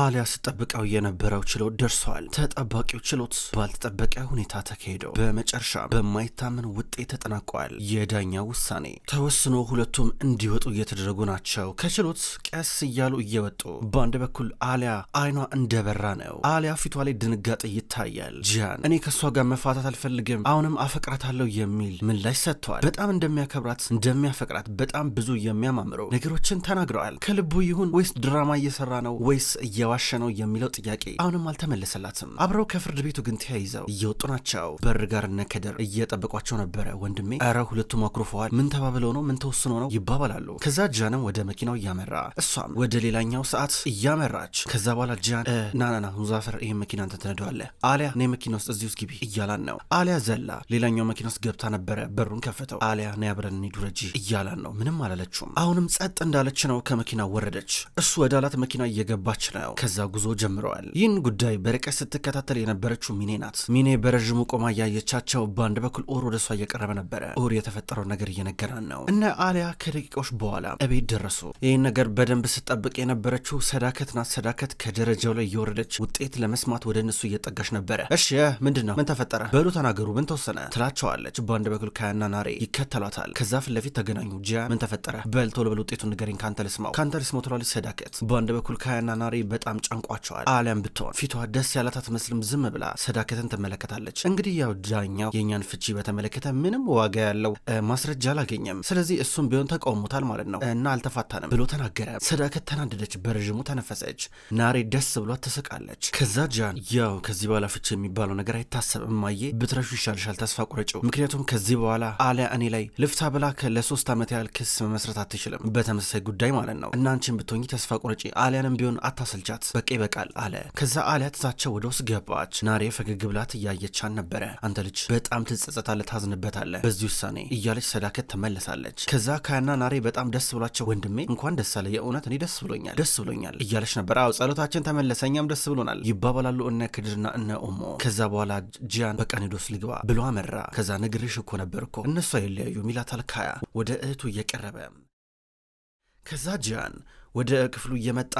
አሊያ ስጠብቀው የነበረው ችሎት ደርሷል። ተጠባቂው ችሎት ባልተጠበቀ ሁኔታ ተካሄደው በመጨረሻ በማይታመን ውጤት ተጠናቋል። የዳኛው ውሳኔ ተወስኖ ሁለቱም እንዲወጡ እየተደረጉ ናቸው። ከችሎት ቀስ እያሉ እየወጡ በአንድ በኩል አሊያ አይኗ እንደበራ ነው። አሊያ ፊቷ ላይ ድንጋጤ ይታያል። ጂያን እኔ ከእሷ ጋር መፋታት አልፈልግም፣ አሁንም አፈቅራታለሁ የሚል ምላሽ ሰጥተዋል። በጣም እንደሚያከብራት እንደሚያፈቅራት በጣም ብዙ የሚያማምሩ ነገሮችን ተናግረዋል። ከልቡ ይሁን ወይስ ድራማ እየሰራ ነው ወይስ እየዋሸ ነው የሚለው ጥያቄ አሁንም አልተመለሰላትም። አብረው ከፍርድ ቤቱ ግን ተያይዘው እየወጡ ናቸው። በር ጋር እነ እየጠበቋቸው ነበረ። ወንድሜ ኧረ ሁለቱ ማኩርፈዋል። ምን ተባብለው ነው? ምን ተወስኖ ነው ይባባላሉ። ከዛ ጃንም ወደ መኪናው እያመራ እሷም ወደ ሌላኛው ሰዓት እያመራች ከዛ በኋላ ጃን ናናና ሙዛፈር ይህ መኪና አንተ ትነደዋለህ፣ አሊያ እኔ መኪና ውስጥ እዚህ ውስጥ ግቢ እያላን ነው። አሊያ ዘላ ሌላኛው መኪና ውስጥ ገብታ ነበረ። በሩን ከፈተው አሊያ ና ያብረን ዱረጂ እያላን ነው። ምንም አላለችውም። አሁንም ጸጥ እንዳለች ነው ከመኪና ወረደች። እሱ ወደ አላት መኪና እየገባች ነው። ነው። ከዛ ጉዞ ጀምረዋል። ይህን ጉዳይ በርቀት ስትከታተል የነበረችው ሚኔ ናት። ሚኔ በረዥሙ ቆማ እያየቻቸው፣ በአንድ በኩል ኦር ወደ እሷ እየቀረበ ነበረ። ኦር የተፈጠረው ነገር እየነገራን ነው። እነ አሊያ ከደቂቃዎች በኋላ እቤት ደረሱ። ይህን ነገር በደንብ ስጠብቅ የነበረችው ሰዳከት ናት። ሰዳከት ከደረጃው ላይ እየወረደች ውጤት ለመስማት ወደ እነሱ እየጠጋች ነበረ። እሺ ምንድን ነው? ምን ተፈጠረ? በሉ ተናገሩ፣ ምን ተወሰነ? ትላቸዋለች። በአንድ በኩል ካያና ናሬ ይከተሏታል። ከዛ ፊት ለፊት ተገናኙ። ጂያ ምን ተፈጠረ? በልቶ ልበል ውጤቱን ንገረኝ፣ ካንተ ልስማው፣ ካንተ ልስማው ትላለች ሰዳከት። በአንድ በኩል ካያና ናሬ በጣም ጨንቋቸዋል። አሊያም ብትሆን ፊቷ ደስ ያላት አትመስልም። ዝም ብላ ሰዳከትን ትመለከታለች። እንግዲህ ያው ዳኛው የእኛን ፍቺ በተመለከተ ምንም ዋጋ ያለው ማስረጃ አላገኘም፣ ስለዚህ እሱም ቢሆን ተቃውሞታል ማለት ነው እና አልተፋታንም ብሎ ተናገረ። ሰዳከት ተናደደች፣ በረዥሙ ተነፈሰች። ናሬ ደስ ብሏት ትስቃለች። ከዛ ጃን ያው ከዚህ በኋላ ፍቺ የሚባለው ነገር አይታሰብም፣ ማየ ብትረሹ ይሻልሻል፣ ተስፋ ቁረጭው። ምክንያቱም ከዚህ በኋላ አሊያ እኔ ላይ ልፍታ ብላ ለሶስት ዓመት ያህል ክስ መመስረት አትችልም፣ በተመሳሳይ ጉዳይ ማለት ነው። እናንችን ብትሆኚ ተስፋ ቁረጪ፣ አሊያንም ቢሆን አታሰልቻ አለቻት። በቃ ይበቃል አለ። ከዛ አሊያ ትታቸው ወደ ውስጥ ገባች። ናሬ ፈገግ ብላ እያየቻን ነበረ። አንተ ልጅ በጣም ትጸጸታለህ፣ ታዝንበታለህ በዚህ ውሳኔ እያለች ሰዳከት ትመለሳለች። ከዛ ካያና ናሬ በጣም ደስ ብሏቸው ወንድሜ እንኳን ደስ አለ፣ የእውነት እኔ ደስ ብሎኛል፣ ደስ ብሎኛል እያለች ነበር። አዎ ጸሎታችን ተመለሰ፣ እኛም ደስ ብሎናል ይባባላሉ እነ ክድርና እነ ኦሞ። ከዛ በኋላ ጂያን በቀን ሄዶስ ልግባ ብሎ አመራ። ከዛ ነግሬሽ እኮ ነበር እኮ እነሱ አይለያዩ ይላታል ካያ ወደ እህቱ እየቀረበ ከዛ ጂያን ወደ ክፍሉ እየመጣ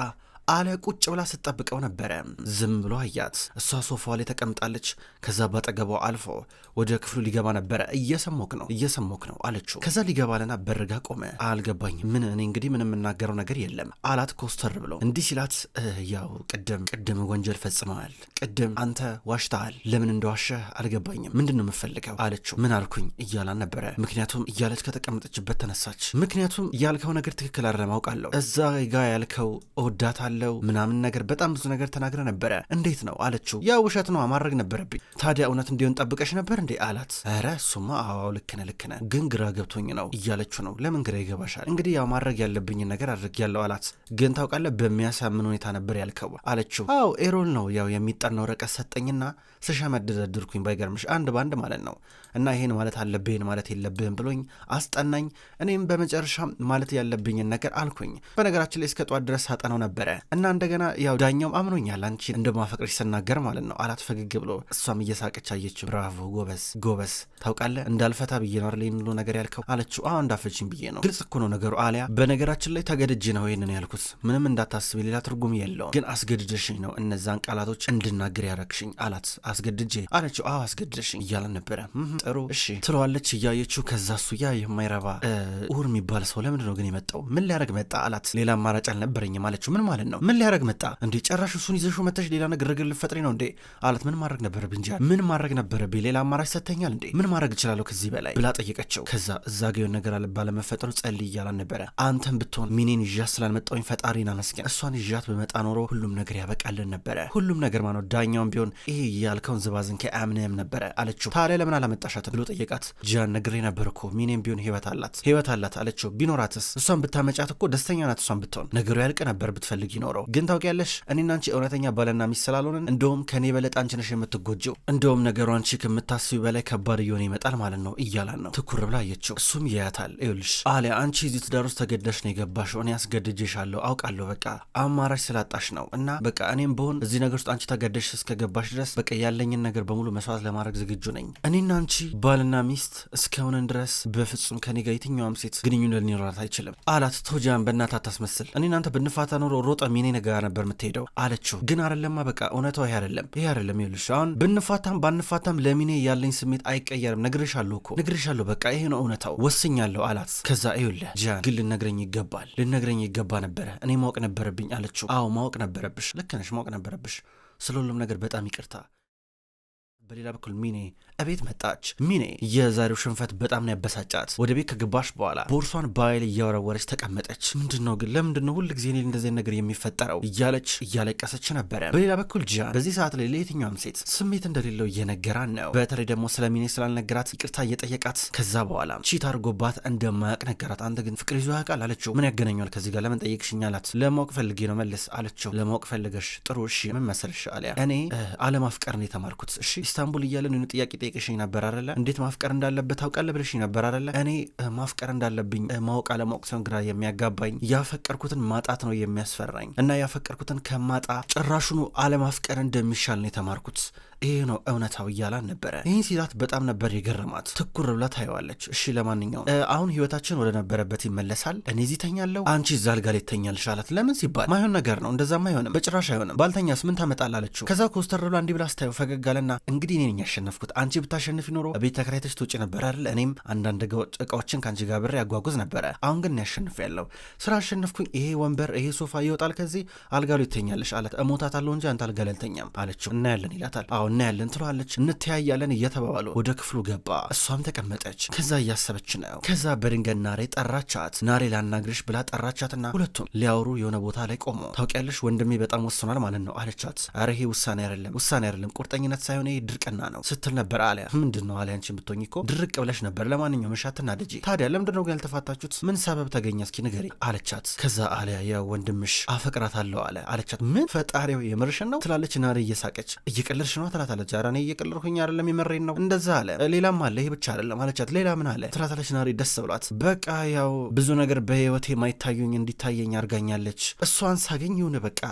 አለ ቁጭ ብላ ስትጠብቀው ነበረ። ዝም ብሎ አያት። እሷ ሶፋ ላይ ተቀምጣለች። ከዛ ባጠገቧ አልፎ ወደ ክፍሉ ሊገባ ነበረ። እየሰሞክ ነው እየሰሞክ ነው አለችው። ከዛ ሊገባልና በርጋ ቆመ። አልገባኝም ምን እኔ እንግዲህ ምን የምናገረው ነገር የለም አላት ኮስተር ብሎ እንዲህ ሲላት፣ ያው ቅድም ቅድም ወንጀል ፈጽመዋል። ቅድም አንተ ዋሽተሃል። ለምን እንደዋሸህ አልገባኝም። ምንድን ነው የምፈልገው አለችው። ምን አልኩኝ እያላን ነበረ። ምክንያቱም እያለች ከተቀመጠችበት ተነሳች። ምክንያቱም ያልከው ነገር ትክክል አለማውቃለሁ። እዛ ጋ ያልከው እወዳታለሁ አለው ምናምን ነገር በጣም ብዙ ነገር ተናግረ ነበረ። እንዴት ነው አለችው። ያ ውሸት ነው ማድረግ ነበረብኝ። ታዲያ እውነት እንዲሆን ጠብቀሽ ነበር እንዴ አላት። ኧረ እሱማ አዋው ልክነ ልክነ ግን ግራ ገብቶኝ ነው እያለችው ነው። ለምን ግራ ይገባሻል? እንግዲህ ያው ማድረግ ያለብኝን ነገር አድርግ ያለው አላት። ግን ታውቃለህ በሚያሳምን ሁኔታ ነበር ያልከው አለችው። አው ኤሮል ነው ያው የሚጠና ወረቀት ሰጠኝና ስሸመደደድርኩኝ ባይገርምሽ አንድ በአንድ ማለት ነው እና ይሄን ማለት አለብህን ማለት የለብህን ብሎኝ አስጠናኝ። እኔም በመጨረሻ ማለት ያለብኝን ነገር አልኩኝ። በነገራችን ላይ እስከ ጠዋት ድረስ ሳጠነው ነበረ እና እንደገና ያው ዳኛውም አምኖኛል አንቺ እንደማፈቅረች ስናገር ማለት ነው አላት ፈገግ ብሎ። እሷም እየሳቀች አየችው። ብራቮ ጎበዝ ጎበዝ፣ ታውቃለህ እንዳልፈታ ብዬ ነው አይደል የሚሉ ነገር ያልከው አለችው። አዎ እንዳፈችኝ ብዬ ነው። ግልጽ እኮ ነው ነገሩ አሊያ። በነገራችን ላይ ተገድጄ ነው ይህንን ያልኩት፣ ምንም እንዳታስብ ሌላ ትርጉም የለውም። ግን አስገድደሽኝ ነው እነዛን ቃላቶች እንድናገር ያረግሽኝ አላት። አስገድጄ አለችው። አዎ አስገድደሽኝ እያለን ነበረ። ጥሩ እሺ ትለዋለች እያየችው። ከዛ እሱ ያ የማይረባ እሁር የሚባል ሰው ለምንድን ነው ግን የመጣው? ምን ሊያደርግ መጣ አላት። ሌላ አማራጭ አልነበረኝም አለችው። ምን ማለት ነው ነው? ምን ሊያደረግ መጣ እንዴ? ጨራሽ እሱን ይዘሽው መተሽ ሌላ ነገር ግርግር ልፈጥሪ ነው እንዴ አላት። ምን ማድረግ ነበረብኝ እንጂ ምን ማድረግ ነበረብኝ? ሌላ አማራጭ ሰተኛል እንዴ? ምን ማድረግ እችላለሁ ከዚህ በላይ ብላ ጠየቀችው። ከዛ እዛ ገየን ነገር አለ ባለመፈጠሩ ጸልይ እያላን ነበረ። አንተን ብትሆን ሚኔን ይዣት ስላልመጣሁኝ ፈጣሪን አመስገን። እሷን ይዣት በመጣ ኖሮ ሁሉም ነገር ያበቃልን ነበረ። ሁሉም ነገር ማነው ዳኛውን ቢሆን ይሄ ያልከውን ዝባዝን አያምንም ነበረ አለችው። ታዲያ ለምን አላመጣሻትም ብሎ ጠየቃት። ጃን ነግሬ ነበር እኮ ሚኔም ቢሆን ህይወት አላት ህይወት አላት አለችው። ቢኖራትስ እሷን ብታመጫት እኮ ደስተኛ ናት። እሷን ብትሆን ነገሩ ያልቅ ነበር ብትፈልጊ ይኖረው። ግን ታውቂያለሽ እኔና አንቺ እውነተኛ ባልና ሚስት ስላልሆንን እንደውም ከእኔ በለጥ አንቺ ነሽ የምትጎጀው፣ እንደውም ነገሩ አንቺ ከምታስቢ በላይ ከባድ እየሆነ ይመጣል ማለት ነው እያላን ነው። ትኩር ብላ አየችው። እሱም ያያታል። ይኸውልሽ አሊያ አንቺ እዚህ ትዳር ውስጥ ተገዳሽ ነው የገባሽው። እኔ አስገድጄሻለሁ አውቃለሁ። በቃ አማራጭ ስላጣሽ ነው እና በቃ እኔም ብሆን እዚህ ነገር ውስጥ አንቺ ተገደሽ እስከገባሽ ድረስ በቃ ያለኝን ነገር በሙሉ መስዋዕት ለማድረግ ዝግጁ ነኝ። እኔና አንቺ ባልና ሚስት እስከሆነን ድረስ በፍጹም ከኔ ጋር የትኛውም ሴት ግንኙነት ሊኖራት አይችልም አላት። ቶጃን በእናታ አታስመስል። እኔ እናንተ ብንፋታ ኖሮ ሮጠ አይመጣም የኔ ነገር ነበር የምትሄደው አለችው። ግን አደለማ በቃ እውነቷ ይሄ አደለም ይሄ አደለም። ይኸውልሽ አሁን ብንፋታም ባንፋታም ለሚኔ ያለኝ ስሜት አይቀየርም። ነግሬሻለሁ እኮ ነግሬሻለሁ። በቃ ይሄ ነው እውነታው፣ ወስኛለሁ አላት። ከዛ ይኸውልህ ጂያን ግን ልነግረኝ ይገባል ልነግረኝ ይገባ ነበረ እኔ ማወቅ ነበረብኝ አለችው። አዎ ማወቅ ነበረብሽ፣ ልክ ነሽ፣ ማወቅ ነበረብሽ። ስለሁሉም ነገር በጣም ይቅርታ። በሌላ በኩል ሚኔ እቤት መጣች። ሚኔ የዛሬው ሽንፈት በጣም ነው ያበሳጫት። ወደ ቤት ከገባች በኋላ ቦርሷን በኃይል እያወረወረች ተቀመጠች። ምንድን ነው ግን ለምንድን ነው ሁል ጊዜ እኔ እንደዚህ ነገር የሚፈጠረው እያለች እያለቀሰች ነበረ። በሌላ በኩል ጂያን በዚህ ሰዓት ላይ ለየትኛውም ሴት ስሜት እንደሌለው እየነገራን ነው። በተለይ ደግሞ ስለ ሚኔ ስላልነገራት ይቅርታ እየጠየቃት ከዛ በኋላ ቺት አድርጎባት እንደማያውቅ ነገራት። አንተ ግን ፍቅር ይዞ ያውቃል አለችው። ምን ያገናኘዋል ከዚህ ጋር ለምን ጠየቅሽኝ አላት። ለማወቅ ፈልጌ ነው መልስ አለችው። ለማወቅ ፈልገሽ ጥሩ እሺ ምን መሰልሽ አሊያ እኔ አለማፍቀር ነው የተማርኩት እሺ ኢስታንቡል እያለን ጥያቄ ጠይቅሽኝ ነበር አደለ? እንዴት ማፍቀር እንዳለበት ታውቃለ ብለሽ ነበር አደለ? እኔ ማፍቀር እንዳለብኝ ማወቅ አለማወቅ ሲሆን ግራ የሚያጋባኝ ያፈቀርኩትን ማጣት ነው የሚያስፈራኝ እና ያፈቀርኩትን ከማጣ ጭራሹኑ አለማፍቀር እንደሚሻል ነው የተማርኩት። ይሄ ነው እውነታው እያላን ነበረ። ይህን ሲላት በጣም ነበር የገረማት። ትኩር ብላ ታየዋለች። እሺ ለማንኛውም አሁን ህይወታችን ወደ ነበረበት ይመለሳል። እኔ እዚህ ተኛለሁ፣ አንቺ እዛ አልጋ ላይ ተኛልሽ አላት። ለምን ሲባል ማይሆን ነገር ነው፣ እንደዛም አይሆንም፣ በጭራሽ አይሆንም፣ ባልተኛስ ምን ታመጣል አለችው። ከዛ ኮስተር ብላ እንዲህ ብላ ስታየው ፈገግ አለና እንግዲህ እኔ ነኝ ያሸነፍኩት፣ አንቺ ብታሸንፍ ይኖሮ ቤት ተከራይተሽ ትውጭ ነበር አይደል? እኔም አንዳንድ እቃዎችን ከአንቺ ጋር ብሬ ያጓጉዝ ነበረ። አሁን ግን ያሸንፍ ያለው ስራ አሸነፍኩኝ። ይሄ ወንበር ይሄ ሶፋ ይወጣል ከዚህ አልጋ ላይ ይተኛልሽ አላት። እሞታታለሁ እንጂ አንተ አልጋ ላይ አልተኛም አለችው። እናያለን ይላታል። አሁን እናያለን ትለዋለች። እንተያያለን እየተባባሉ ወደ ክፍሉ ገባ። እሷም ተቀመጠች። ከዛ እያሰበች ነው። ከዛ በድንገት ናሬ ጠራቻት። ናሬ ላናግርሽ ብላ ጠራቻትና ሁለቱም ሊያወሩ የሆነ ቦታ ላይ ቆሞ ታውቂያለሽ ወንድሜ በጣም ወስኗል ማለት ነው አለቻት። ኧረ ይሄ ውሳኔ አይደለም ውሳኔ አይደለም ቁርጠኝነት ሳይሆን ይሄ ድርቅና ነው ስትል ነበር አሊያ። ምንድን ነው አሊያ አንቺ ብትሆኝ እኮ ድርቅ ብለሽ ነበር። ለማንኛውም መሻትና አትናደጂ። ታዲያ ለምንድን ነው ግን ያልተፋታችሁት? ምን ሰበብ ተገኘ? እስኪ ንገሪ አለቻት። ከዛ አሊያ ያው ወንድምሽ አፈቅራታለሁ አለ አለቻት። ምን ፈጣሪው የምርሽን ነው ትላለች ናሬ እየሳቀች። እየቀለድሽ ነው ትላታለች። ኧረ እኔ እየቀለድኩኝ አይደለም የመሬን ነው እንደዛ አለ። ሌላም አለ ይሄ ብቻ አይደለም አለቻት። ሌላ ምን አለ ትላታለች ናሬ ደስ ብሏት። በቃ ያው ብዙ ነገር በህይወቴ ማይታዩኝ እንዲታየኝ አርጋኛለች። እሷን ሳገኝ የሆነ በቃ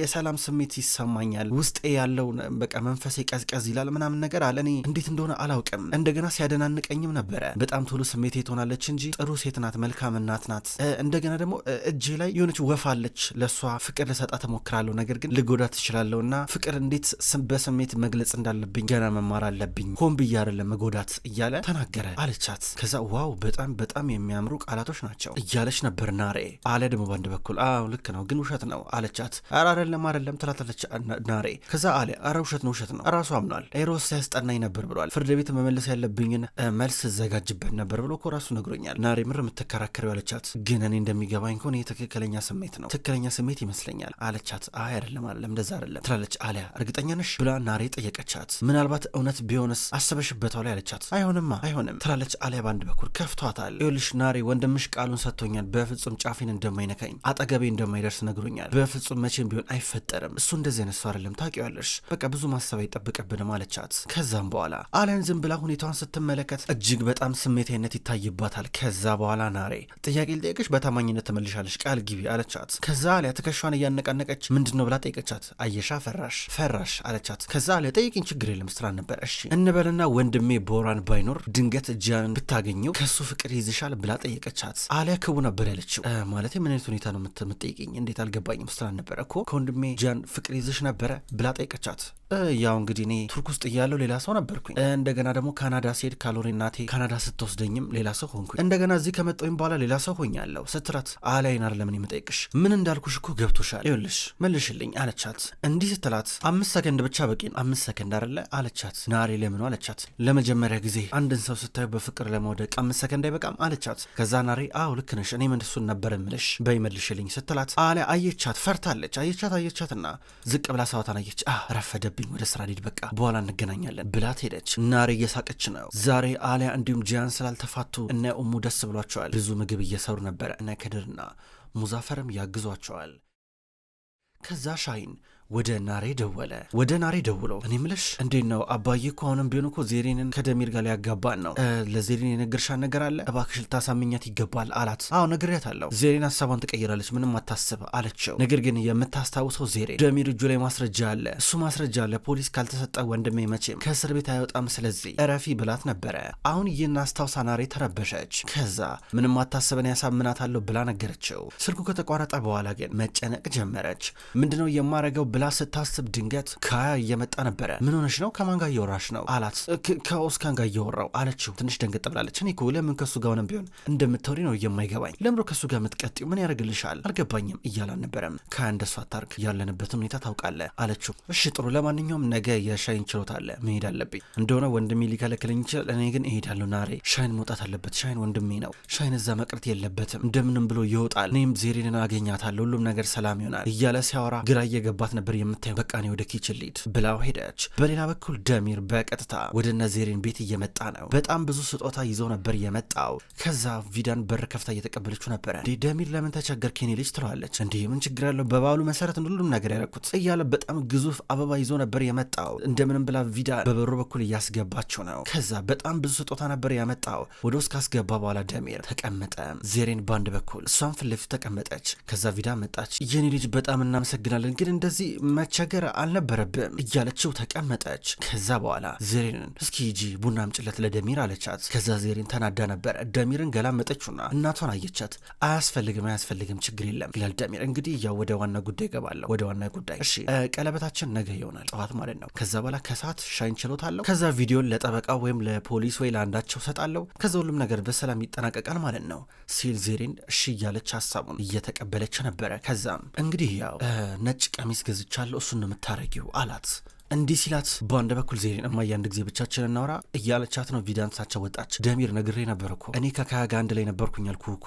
የሰላም ስሜት ይሰማኛል። ውስጤ ያለው በቃ መንፈሴ ቀዝቀዝ ይላል ምናምን ነገር አለ። እኔ እንዴት እንደሆነ አላውቅም። እንደገና ሲያደናንቀኝም ነበረ። በጣም ቶሎ ስሜቴ ትሆናለች እንጂ ጥሩ ሴት ናት፣ መልካም እናት ናት። እንደገና ደግሞ እጄ ላይ የሆነች ወፋለች። አለች። ለእሷ ፍቅር ልሰጣት እሞክራለሁ፣ ነገር ግን ልጎዳት ትችላለሁ እና ፍቅር እንዴት በስሜት መግለ መግለጽ እንዳለብኝ ገና መማር አለብኝ፣ ሆን ብዬ አይደለም መጎዳት እያለ ተናገረ አለቻት። ከዛ ዋው በጣም በጣም የሚያምሩ ቃላቶች ናቸው እያለች ነበር ናሬ። አለ ደግሞ በአንድ በኩል አዎ ልክ ነው ግን ውሸት ነው አለቻት። ኧረ አይደለም አይደለም ትላታለች ናሬ። ከዛ አለ ኧረ ውሸት ነው ውሸት ነው ራሱ አምኗል። ኤሮስ ሲያስጠናኝ ነበር ብሏል። ፍርድ ቤት መመለስ ያለብኝን መልስ እዘጋጅበት ነበር ብሎ እኮ ራሱ ነግሮኛል። ናሬ ምር የምትከራከረው አለቻት። ግን እኔ እንደሚገባኝ ከሆነ የትክክለኛ ስሜት ነው ትክክለኛ ስሜት ይመስለኛል አለቻት። አይ አይደለም አይደለም እንደዛ አይደለም ትላለች አሊያ። እርግጠኛ ነሽ ብላ ናሬ ጠየቀቻት። ምናልባት እውነት ቢሆንስ አስበሽበታል ያለቻት። አይሆንማ አይሆንም ትላለች። አሊያ በአንድ በኩል ከፍቷታል። ይኸውልሽ ናሬ ወንድምሽ ቃሉን ሰጥቶኛል። በፍጹም ጫፊን እንደማይነካኝ አጠገቤ እንደማይደርስ ነግሮኛል። በፍጹም መቼም ቢሆን አይፈጠርም። እሱ እንደዚህ አይነት ሰው አይደለም ታውቂዋለሽ። በቃ ብዙ ማሰብ አይጠብቅብንም አለቻት። ከዛም በኋላ አሊያን ዝም ብላ ሁኔታዋን ስትመለከት እጅግ በጣም ስሜታዊነት ይታይባታል። ከዛ በኋላ ናሬ ጥያቄ ልጠየቅሽ፣ በታማኝነት ትመልሻለሽ፣ ቃል ግቢ አለቻት። ከዛ አሊያ ትከሻዋን እያነቃነቀች ምንድን ነው ብላ ጠየቀቻት። አየሻ ፈራሽ ፈራሽ አለቻት። ከዛ ለምሳሌ ጠይቅኝ ችግር የለም ስራ ነበር እሺ እንበልና ወንድሜ ቦራን ባይኖር ድንገት ጃን ብታገኘው ከሱ ፍቅር ይዝሻል ብላ ጠየቀቻት። አሊያ ክቡ ነበር ያለችው። ማለት ምን አይነት ሁኔታ ነው የምትጠይቅኝ? እንዴት አልገባኝም። ስራ ነበር እኮ ከወንድሜ ጃን ፍቅር ይዝሽ ነበረ ብላ ጠየቀቻት። ያው እንግዲህ እኔ ቱርክ ውስጥ እያለው ሌላ ሰው ነበርኩኝ። እንደገና ደግሞ ካናዳ ስሄድ ካሎሪ እናቴ ካናዳ ስትወስደኝም ሌላ ሰው ሆንኩኝ። እንደገና እዚህ ከመጣሁኝ በኋላ ሌላ ሰው ሆኛለሁ ስትላት አላይናር ለምን የምጠይቅሽ ምን እንዳልኩሽ እኮ ገብቶሻል። ይኸውልሽ መልሽልኝ አለቻት። እንዲህ ስትላት አምስት ሰከንድ ብቻ በቂ ነው አምስት ሰከንድ አይደለ አለቻት። ናሬ ለምኑ አለቻት። ለመጀመሪያ ጊዜ አንድን ሰው ስታዩ በፍቅር ለመውደቅ አምስት ሰከንድ አይበቃም አለቻት። ከዛ ናሬ አዎ ልክ ነሽ፣ እኔም እንደሱን ነበር ምልሽ በይመልሽልኝ ስትላት አለ አየቻት። ፈርታለች። አየቻት አየቻትና ዝቅ ብላ ሰዋታን አየች። አ ረፈደብኝ፣ ወደ ስራ ልሂድ በቃ በኋላ እንገናኛለን ብላት ሄደች። ናሬ እየሳቀች ነው። ዛሬ አሊያ እንዲሁም ጂያን ስላልተፋቱ እነ ኡሙ ደስ ብሏቸዋል። ብዙ ምግብ እየሰሩ ነበረ። እነ ከድርና ሙዛፈርም ያግዟቸዋል። ከዛ ሻይን ወደ ናሬ ደወለ። ወደ ናሬ ደውሎ እኔ ምልሽ እንዴት ነው አባዬ እኮ አሁንም ቢሆን እኮ ዜሬንን ከደሚር ጋር ሊያጋባን ነው። ለዜሬን የነገርሻት ነገር አለ እባክሽ ልታሳምኛት ይገባል አላት። አዎ ነግሬያታለሁ፣ ዜሬን ሀሳቧን ትቀይራለች፣ ምንም አታስብ አለችው። ነገር ግን የምታስታውሰው ዜሬን ደሚር እጁ ላይ ማስረጃ አለ፣ እሱ ማስረጃ ፖሊስ ካልተሰጠ ወንድሜ መቼም ከእስር ቤት አይወጣም፣ ስለዚህ እረፊ ብላት ነበረ። አሁን ይህን አስታውሳ ናሬ ተረበሸች። ከዛ ምንም አታስበን ያሳምናታለሁ ብላ ነገረችው። ስልኩ ከተቋረጠ በኋላ ግን መጨነቅ ጀመረች። ምንድነው የማረገው ብላ ስታስብ ድንገት ካያ እየመጣ ነበረ። ምን ሆነሽ ነው? ከማን ጋር እየወራሽ ነው አላት። ከኦስካን ጋር እየወራው አለችው። ትንሽ ደንገጥ ብላለች። እኔ እኮ ለምን ከሱ ጋር ሆነም ቢሆን እንደምታወሪ ነው የማይገባኝ። ለምሮ ከሱ ጋር የምትቀጥው ምን ያደርግልሻል? አልገባኝም እያላን ነበረም። ካያ እንደሱ አታርግ፣ ያለንበትን ሁኔታ ታውቃለህ አለችው። እሺ ጥሩ፣ ለማንኛውም ነገ የሻይን ችሎት አለ፣ መሄድ አለብኝ። እንደሆነ ወንድሜ ሊከለክልኝ ይችላል፣ እኔ ግን እሄዳለሁ። ናሬ ሻይን መውጣት አለበት። ሻይን ወንድሜ ነው። ሻይን እዛ መቅረት የለበትም። እንደምንም ብሎ ይወጣል። እኔም ዜሬንን አገኛታለሁ። ሁሉም ነገር ሰላም ይሆናል እያለ ሲያወራ ግራ እየገባት ነበር። ነበር የምታየው። በቃ እኔ ወደ ኪችን ብላው ሄደች። በሌላ በኩል ደሚር በቀጥታ ወደ ነዜሬን ቤት እየመጣ ነው። በጣም ብዙ ስጦታ ይዞ ነበር የመጣው። ከዛ ቪዳን በር ከፍታ እየተቀበለችው ነበረ። እንዲህ ደሚር ለምን ተቸገር ኬኔ ልጅ ትለዋለች። እንዲህ ምን ችግር ያለው በባሉ መሰረት ሁሉም ነገር ያደረኩት እያለ በጣም ግዙፍ አበባ ይዞ ነበር የመጣው። እንደምንም ብላ ቪዳ በበሩ በኩል እያስገባችው ነው። ከዛ በጣም ብዙ ስጦታ ነበር ያመጣው። ወደ ውስጥ ካስገባ በኋላ ደሚር ተቀመጠ። ዜሬን በአንድ በኩል እሷን ፊት ተቀመጠች። ከዛ ቪዳ መጣች። የኔ ልጅ በጣም እናመሰግናለን፣ ግን እንደዚህ መቸገር አልነበረብም እያለችው ተቀመጠች። ከዛ በኋላ ዜሬንን እስኪ ሂጂ ቡና አምጪለት ለደሚር አለቻት። ከዛ ዜሬን ተናዳ ነበረ። ደሚርን ገላመጠችውና እናቷን አየቻት። አያስፈልግም አያስፈልግም፣ ችግር የለም ይላል ደሚር። እንግዲህ ያው ወደ ዋና ጉዳይ ገባለሁ። ወደ ዋና ጉዳይ እሺ፣ ቀለበታችን ነገ ይሆናል ጠዋት ማለት ነው። ከዛ በኋላ ከሰዓት ሻይን ችሎታለሁ። ከዛ ቪዲዮን ለጠበቃ ወይም ለፖሊስ ወይ ለአንዳቸው ሰጣለሁ። ከዛ ሁሉም ነገር በሰላም ይጠናቀቃል ማለት ነው ሲል ዜሬን እሺ እያለች ሀሳቡን እየተቀበለች ነበረ። ከዛም እንግዲህ ያው ነጭ ቀሚስ ገዝ ተሳስቻለሁ፣ እሱን ነው የምታረጊው አላት። እንዲህ ሲላት በአንድ በኩል ዜሬን እማዬ አንድ ጊዜ ብቻችን እናውራ እያለቻት ነው። አንስታቸው ወጣች። ደሚር ነግሬ ነበር እኮ እኔ ከካያ ጋር አንድ ላይ ነበርኩኝ አልኩህ እኮ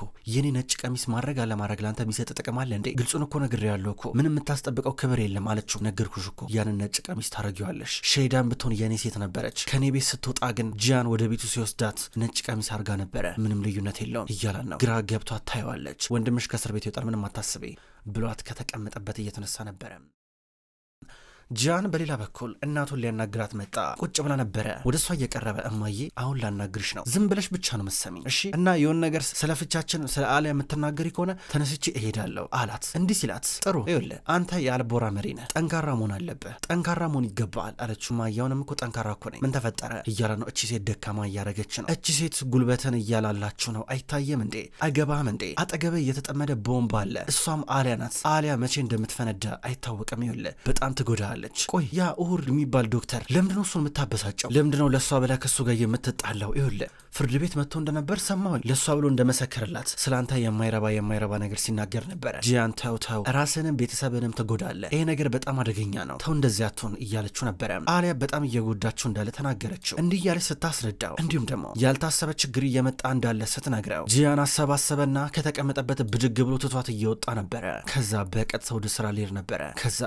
ነጭ ቀሚስ ማድረግ አለማድረግ ለአንተ የሚሰጥ ጥቅም አለ እንዴ? ግልጹን እኮ ነግሬ ያለው እኮ ምንም የምታስጠብቀው ክብር የለም አለችው። ነገርኩሽ እኮ ያንን ነጭ ቀሚስ ታረጊዋለሽ። ሸይዳን ብትሆን የእኔ ሴት ነበረች። ከእኔ ቤት ስትወጣ ግን ጂያን ወደ ቤቱ ሲወስዳት ነጭ ቀሚስ አድርጋ ነበረ። ምንም ልዩነት የለውም እያላን ነው። ግራ ገብቷ ታየዋለች። ወንድምሽ ከእስር ቤት ይወጣል፣ ምንም አታስቤ ብሏት ከተቀመጠበት እየተነሳ ነበረ። ጃን በሌላ በኩል እናቱን ሊያናግራት መጣ። ቁጭ ብላ ነበረ ወደ እሷ እየቀረበ እማዬ፣ አሁን ላናግርሽ ነው። ዝም ብለሽ ብቻ ነው መሰሚኝ እሺ? እና የሆን ነገር ስለ ፍቻችን ስለ አሊያ የምትናገሪ ከሆነ ተነስቼ እሄዳለሁ አላት። እንዲህ ሲላት ጥሩ ይኸውልህ፣ አንተ የአልቦራ መሪ ነህ፣ ጠንካራ መሆን አለብህ፣ ጠንካራ መሆን ይገባል አለችው። ማያውንም እኮ ጠንካራ እኮ ነኝ፣ ምን ተፈጠረ እያለ ነው። እቺ ሴት ደካማ እያደረገች ነው። እቺ ሴት ጉልበትን እያላላችሁ ነው። አይታየም እንዴ? አይገባም እንዴ? አጠገበ እየተጠመደ ቦምብ አለ። እሷም አሊያ ናት። አሊያ መቼ እንደምትፈነዳ አይታወቅም። ይለ በጣም ትጎዳል ትሆናለች። ቆይ ያ እሁድ የሚባል ዶክተር ለምንድነው እሱን የምታበሳጨው? ለምንድነው ለእሷ ብላ ከሱ ጋር የምትጣላው? ይሁለ ፍርድ ቤት መጥቶ እንደነበር ሰማሁኝ። ለእሷ ብሎ እንደመሰከርላት ስለ አንተ የማይረባ የማይረባ ነገር ሲናገር ነበረ። ጂያን ተው ተው፣ ራስንም ቤተሰብንም ትጎዳለ። ይሄ ነገር በጣም አደገኛ ነው። ተው እንደዚያ አትሆን እያለችው ነበረ። አሊያ በጣም እየጎዳችው እንዳለ ተናገረችው። እንዲህ እያለች ስታስረዳው፣ እንዲሁም ደግሞ ያልታሰበ ችግር እየመጣ እንዳለ ስትነግረው ጂያን አሰባሰበና ከተቀመጠበት ብድግ ብሎ ትቷት እየወጣ ነበረ። ከዛ በቀጥታ ወደ ስራ ሊሄድ ነበረ። ከዛ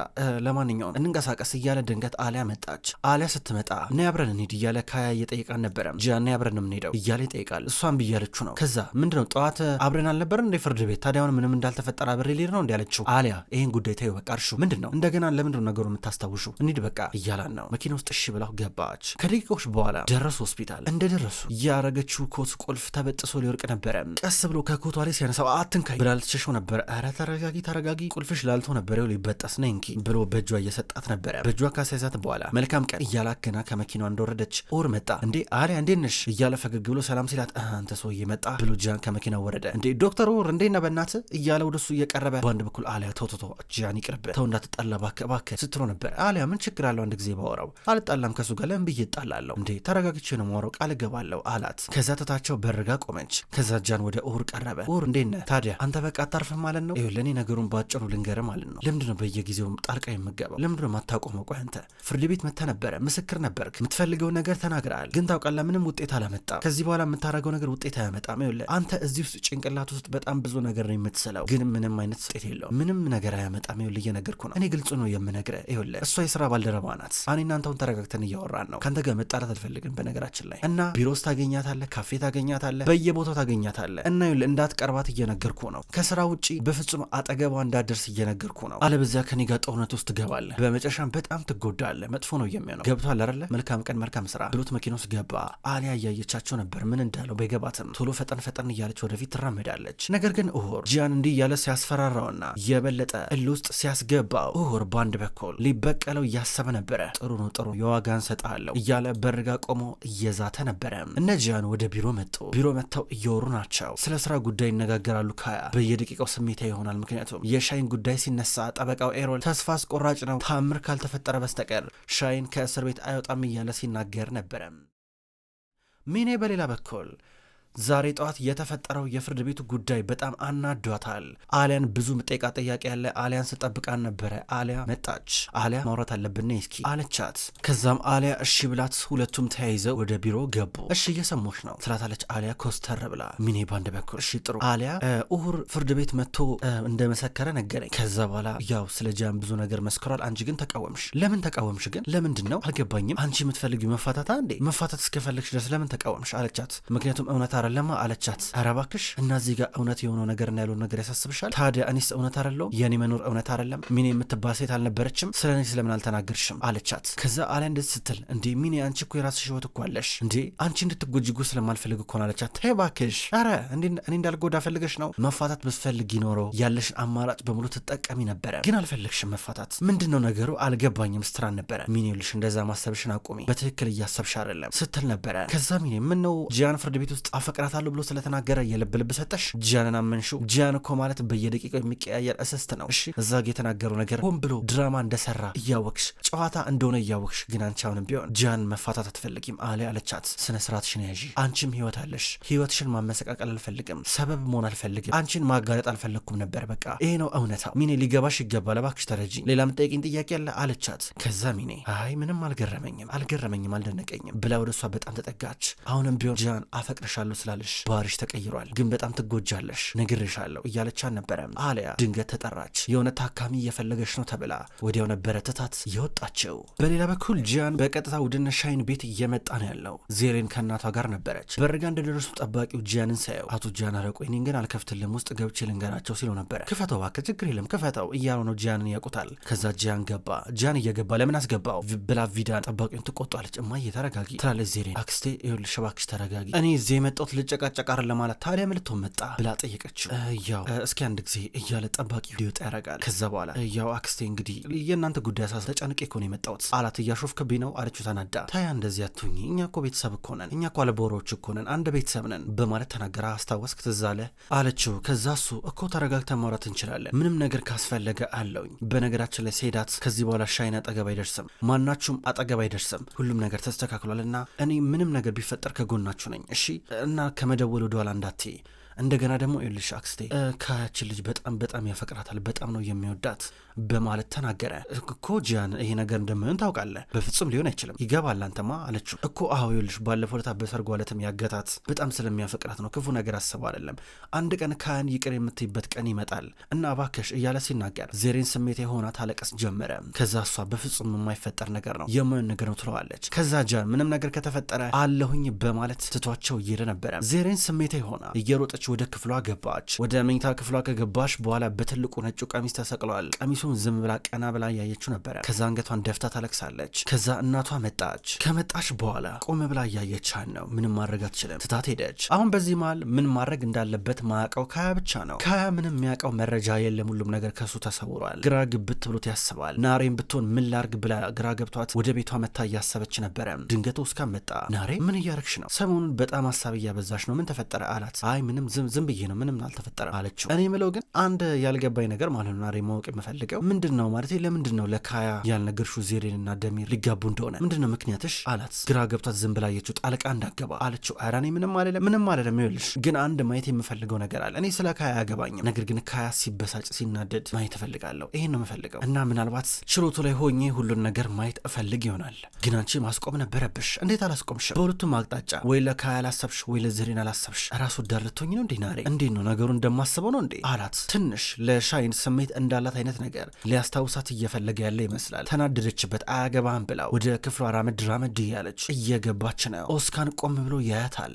ለማንኛውም እንንቀ ተንቀሳቀስ እያለ ድንገት አሊያ መጣች። አሊያ ስትመጣ እና ያብረን እንሄድ እያለ ካያ እየጠየቃን ነበረ። ጂያና አብረን ነው የምንሄደው እያለ ይጠይቃል። እሷም ብያለችው ነው። ከዛ ምንድነው ጠዋት አብረን አልነበረን እንደ ፍርድ ቤት ታዲያ ምንም እንዳልተፈጠረ አብሬ ልሄድ ነው እንዲያለችው አሊያ ይህን ጉዳይ ተይው በቃ እርሹ ምንድን ነው እንደገና ለምንድነው ነገሩ የምታስታውሹ እንሂድ በቃ እያላን ነው። መኪና ውስጥ እሺ ብላው ገባች። ከደቂቃዎች በኋላ ደረሱ ሆስፒታል። እንደደረሱ እያረገችው ኮት ቁልፍ ተበጥሶ ሊወርቅ ነበረ። ቀስ ብሎ ከኮቷ ላይ ሲያነሳው አትንካይ ብላ ልትሸሸው ነበረ። ኧረ ተረጋጊ ተረጋጊ ቁልፍሽ ላልቶ ነበረ ሊበጠስ ነይ እንኪ ብሎ በእጇ እየሰጣት ነበረ። በእጇ ካሳይዛት በኋላ መልካም ቀን እያላት ገና ከመኪናዋ እንደወረደች ኦር መጣ። እንዴ አሊያ እንዴት ነሽ እያለ ፈገግ ብሎ ሰላም ሲላት አንተ ሰውዬ መጣ ብሎ ጃን ከመኪና ወረደ። እንዴ ዶክተር ኦር እንዴና በእናት እያለ ወደሱ እየቀረበ በአንድ በኩል አሊያ ተውትቶ ጃን ይቅርብ ተው እንዳትጠላ ባክህ ባክህ ስትሎ ነበር። አሊያ ምን ችግር አለው አንድ ጊዜ ባወራው አልጣላም ከሱ ጋር ለምን ብዬ እጣላለሁ እንዴ ተረጋግቼ ነው ማወራው ቃል እገባለሁ አላት። ከዛ ተታቸው በርጋ ቆመች። ከዛ ጃን ወደ ኦር ቀረበ። ኦር እንዴት ነህ ታዲያ አንተ በቃ አታርፍም ማለት ነው። ለእኔ ነገሩን ባጭሩ ልንገርህ ማለት ነው። ለምንድነው በየጊዜውም ጣልቃ የምገባው ለምንድነው እንደማታቆመው ቆይ አንተ ፍርድ ቤት መታ ነበረ፣ ምስክር ነበርክ፣ የምትፈልገውን ነገር ተናግረሃል። ግን ታውቃለህ ምንም ውጤት አላመጣም። ከዚህ በኋላ የምታደርገው ነገር ውጤት አያመጣም። ይኸውልህ አንተ እዚህ ውስጥ ጭንቅላት ውስጥ በጣም ብዙ ነገር ነው የምትስለው፣ ግን ምንም አይነት ውጤት የለውም። ምንም ነገር አያመጣም። ይኸውልህ እየነገርኩህ ነው። እኔ ግልጽ ነው የምነግርህ። ይኸውልህ እሷ የስራ ባልደረባ ናት። እኔ እናንተውን ተረጋግተን እያወራን ነው። ከአንተ ጋር መጣላት አልፈልግም በነገራችን ላይ እና ቢሮ ውስጥ ታገኛታለህ፣ ካፌ ታገኛታለህ፣ በየቦታው ታገኛታለህ እና ይኸውልህ እንዳትቀርባት እየነገርኩ ነው። ከስራ ውጪ በፍጹም አጠገቧ እንዳደርስ እየነገርኩ ነው። አለበዚያ ከኔ ጋር ጦርነት ውስጥ ትገባለህ። መጨረሻም በጣም ትጎዳለ። መጥፎ ነው የሚሆነው። ገብቷል አይደለ? መልካም ቀን መልካም ስራ ብሎት መኪና ውስጥ ገባ። አሊያ እያየቻቸው ነበር፣ ምን እንዳለው ባይገባትም ቶሎ ፈጠን ፈጠን እያለች ወደፊት ትራመዳለች። ነገር ግን ኡሁር ጂያን እንዲህ እያለ ሲያስፈራራውና የበለጠ እል ውስጥ ሲያስገባው ኡሁር በአንድ በኩል ሊበቀለው እያሰበ ነበረ። ጥሩ ነው ጥሩ የዋጋ እንሰጥሃለሁ እያለ በርጋ ቆሞ እየዛተ ነበረ። እነ ጂያን ወደ ቢሮ መጡ። ቢሮ መጥተው እየወሩ ናቸው። ስለ ስራ ጉዳይ ይነጋገራሉ። ካያ በየደቂቃው ስሜታ ይሆናል። ምክንያቱም የሻይን ጉዳይ ሲነሳ ጠበቃው ኤሮል ተስፋ አስቆራጭ ነው ታም ምርምር ካልተፈጠረ በስተቀር ሻይን ከእስር ቤት አይወጣም እያለ ሲናገር ነበረ። ሚኔ በሌላ በኩል ዛሬ ጠዋት የተፈጠረው የፍርድ ቤቱ ጉዳይ በጣም አናዷታል። አሊያን ብዙ ምጠይቃ ጥያቄ ያለ አሊያን ስጠብቃን ነበረ። አሊያ መጣች። አሊያ ማውራት አለብን እስኪ አለቻት። ከዛም አሊያ እሺ ብላት ሁለቱም ተያይዘው ወደ ቢሮ ገቡ። እሺ እየሰሞች ነው ስላታለች አሊያ ኮስተር ብላ ሚኔ ባንድ በኩል እሺ ጥሩ አሊያ እሁር ፍርድ ቤት መጥቶ እንደመሰከረ ነገረኝ። ከዛ በኋላ ያው ስለ ጃን ብዙ ነገር መስክሯል። አንቺ ግን ተቃወምሽ። ለምን ተቃወምሽ ግን ለምንድን ነው አልገባኝም። አንቺ የምትፈልጊው መፋታታ እንዴ መፋታት እስከፈለግሽ ድረስ ለምን ተቃወምሽ አለቻት። ምክንያቱም እውነታ አረለማ አለቻት። ኧረ እባክሽ እና እዚህ ጋር እውነት የሆነው ነገርና ያልሆነ ነገር ያሳስብሻል ታዲያ? እኔስ እውነት አደለውም የኔ መኖር እውነት አደለም? ሚኔ የምትባል ሴት አልነበረችም? ስለ እኔ ስለምን አልተናገርሽም? አለቻት። ከዛ አሊያ እንደዚህ ስትል እንዴ ሚኔ አንቺ እኮ የራስሽ ህይወት እኮ አለሽ እንዴ አንቺ እንድትጎጂ እኮ ስለማልፈልግ እኮን አለቻት። ተይ እባክሽ ኧረ እኔ እንዳልጎዳ ፈልገሽ ነው መፋታት ብትፈልግ ይኖረ ያለሽን አማራጭ በሙሉ ትጠቀሚ ነበረ፣ ግን አልፈለግሽም መፋታት። ምንድን ነው ነገሩ አልገባኝም ስትራን ነበረ። ሚኔ ልሽ እንደዛ ማሰብሽን አቁሚ፣ በትክክል እያሰብሽ አደለም ስትል ነበረ። ከዛ ሚኔ ምነው ጂያን ፍርድ ቤት ውስጥ አፈ አፈቅራታለሁ ብሎ ስለተናገረ የልብ ልብ ሰጠሽ። ጃንን አመንሽው። ጃን እኮ ማለት በየደቂቃው የሚቀያየር እስስት ነው። እሺ እዛ የተናገረው ነገር ሆን ብሎ ድራማ እንደሰራ እያወቅሽ ጨዋታ እንደሆነ እያወቅሽ ግን አንቺ አሁንም ቢሆን ጃን መፋታት አትፈልጊም አለ አለቻት። ስነ ስርዓትሽን ያዢ። አንቺም ህይወት አለሽ። ህይወትሽን ማመሰቃቀል አልፈልግም። ሰበብ መሆን አልፈልግም። አንቺን ማጋለጥ አልፈለግኩም ነበር። በቃ ይሄ ነው እውነታ። ሚኔ ሊገባሽ ይገባል። እባክሽ ተረጂ። ሌላ ምጠይቅኝ ጥያቄ አለ አለቻት። ከዛ ሚኔ አይ ምንም አልገረመኝም፣ አልገረመኝም፣ አልደነቀኝም ብላ ወደ እሷ በጣም ተጠጋች። አሁንም ቢሆን ጃን አፈቅርሻለሁ ስላለሽ ባህሪሽ ተቀይሯል፣ ግን በጣም ትጎጃለሽ፣ ነግሬሻለሁ እያለች አልነበረም። አሊያ ድንገት ተጠራች። የሆነ ታካሚ እየፈለገች ነው ተብላ ወዲያው ነበረ ትታት የወጣችው። በሌላ በኩል ጂያን በቀጥታ ወደነ ሻይን ቤት እየመጣ ነው ያለው። ዜሬን ከእናቷ ጋር ነበረች። በረጋ እንደደረሱ ጠባቂው ጂያንን ሳየው አቶ ጂያን አረቆይኔን ግን አልከፍትልም ውስጥ ገብቼ ልንገራቸው ሲለው ነበረ። ክፈተው እባክህ ችግር የለም ክፈተው እያለው ነው ጂያንን ያውቁታል። ከዛ ጂያን ገባ። ጂያን እየገባ ለምን አስገባው ብላ ቪዳን ጠባቂውን ትቆጧለች። እማዬ ተረጋጊ ትላለች ዜሬን። አክስቴ ይኸውልሽ እባክሽ ተረጋጊ እኔ እዚህ የመጣሁት ልጨቃጨቃር ለማለት ታዲያ ምልቶ መጣ ብላ ጠየቀችው። ያው እስኪ አንድ ጊዜ እያለ ጠባቂ ሊወጣ ያደርጋል። ከዛ በኋላ ያው አክስቴ እንግዲህ የእናንተ ጉዳይ ሳስ ተጨንቄ እኮ ነው የመጣሁት አላት። እያሾፍክብኝ ነው አለችው ተናዳ። ታያ እንደዚህ አትሁኝ፣ እኛ እኮ ቤተሰብ እኮ ነን፣ እኛ እኮ አለበሮዎች እኮ ነን፣ አንድ ቤተሰብ ነን በማለት ተናገረ። አስታወስክ ትዝ አለ አለችው። ከዛ እሱ እኮ ተረጋግተን ማውራት እንችላለን፣ ምንም ነገር ካስፈለገ አለውኝ። በነገራችን ላይ ሴዳት ከዚህ በኋላ ሻይን አጠገብ አይደርስም፣ ማናችሁም አጠገብ አይደርስም፣ ሁሉም ነገር ተስተካክሏል ና እኔ ምንም ነገር ቢፈጠር ከጎናችሁ ነኝ። እሺ እና ገና ከመደወል ወደኋላ እንዳትይ እንደገና ደግሞ ልሽ አክስቴ ከያችን ልጅ በጣም በጣም ያፈቅራታል፣ በጣም ነው የሚወዳት በማለት ተናገረ። እኮ ጂያን ይሄ ነገር እንደምን ታውቃለህ። በፍጹም ሊሆን አይችልም። ይገባል አንተማ አለችው። እኮ አዎ ይኸውልሽ፣ ባለፈው ዕለት በሰርጓ ዕለትም ያገታት በጣም ስለሚያፈቅራት ነው። ክፉ ነገር አስበው አይደለም። አንድ ቀን ካያን ይቅር የምትይበት ቀን ይመጣል እና እባክሽ እያለ ሲናገር ዜሬን ስሜት የሆና ታለቀስ ጀመረ። ከዛ እሷ በፍጹም የማይፈጠር ነገር ነው የማይሆን ነገር ነው ትለዋለች። ከዛ ጂያን ምንም ነገር ከተፈጠረ አለሁኝ በማለት ትቷቸው እየሄደ ነበረ። ዜሬን ስሜት የሆና እየሮጠች እያለቀሰች ወደ ክፍሏ ገባች። ወደ መኝታ ክፍሏ ከገባች በኋላ በትልቁ ነጩ ቀሚስ ተሰቅሏል። ቀሚሱን ዝም ብላ ቀና ብላ እያየችው ነበረ። ከዛ አንገቷን ደፍታ ታለቅሳለች። ከዛ እናቷ መጣች። ከመጣች በኋላ ቆም ብላ እያየቻን ነው። ምንም ማድረግ አትችልም። ትታት ሄደች። አሁን በዚህ መሃል ምን ማድረግ እንዳለበት ማያውቀው ከሀያ ብቻ ነው። ከሀያ ምንም የሚያውቀው መረጃ የለም። ሁሉም ነገር ከሱ ተሰውሯል። ግራ ግብት ብሎት ያስባል። ናሬም ብትሆን ምን ላርግ ብላ ግራ ገብቷት ወደ ቤቷ መታ እያሰበች ነበረ። ድንገት ኦስካ መጣ። ናሬ ምን እያረግሽ ነው? ሰሞኑን በጣም ሀሳብ እያበዛሽ ነው። ምን ተፈጠረ አላት። አይ ምንም ዝም ብዬ ነው ምንም አልተፈጠረም አለችው። እኔ የምለው ግን አንድ ያልገባኝ ነገር ማለት ነው ናሬ ማወቅ የምፈልገው ምንድን ነው ማለት ለምንድን ነው ለካያ ያልነገርሽው ዜሬን እና ደሚር ሊጋቡ እንደሆነ ምንድን ነው ምክንያትሽ አላት። ግራ ገብቷት ዝም ብላ አየችው። ጣልቃ እንዳገባ አለችው። ኧረ እኔ ምንም አልልም ምንም አልልም። ይኸውልሽ ግን አንድ ማየት የምፈልገው ነገር አለ። እኔ ስለ ካያ አያገባኝም፣ ነገር ግን ካያ ሲበሳጭ ሲናደድ ማየት እፈልጋለሁ። ይሄን ነው የምፈልገው እና ምናልባት ችሎቱ ላይ ሆኜ ሁሉን ነገር ማየት እፈልግ ይሆናል። ግን አንቺ ማስቆም ነበረብሽ። እንዴት አላስቆምሽ? በሁለቱም አቅጣጫ ወይ ለካያ አላሰብሽ፣ ወይ ለዜሬን አላሰብሽ። ራሱ ደርቶኝ ነው ነው እንዴ ናሬ? እንዴት ነው ነገሩ? እንደማስበው ነው እንዴ አላት። ትንሽ ለሻይን ስሜት እንዳላት አይነት ነገር ሊያስታውሳት እየፈለገ ያለ ይመስላል። ተናደደችበት። አያገባህም ብላ ወደ ክፍሏ ራመድ ራመድ እያለች እየገባች ነው። ኦስካን ቆም ብሎ ያያታል።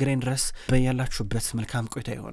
እስከምንገናኝ ድረስ በያላችሁበት መልካም ቆይታ ይሆን።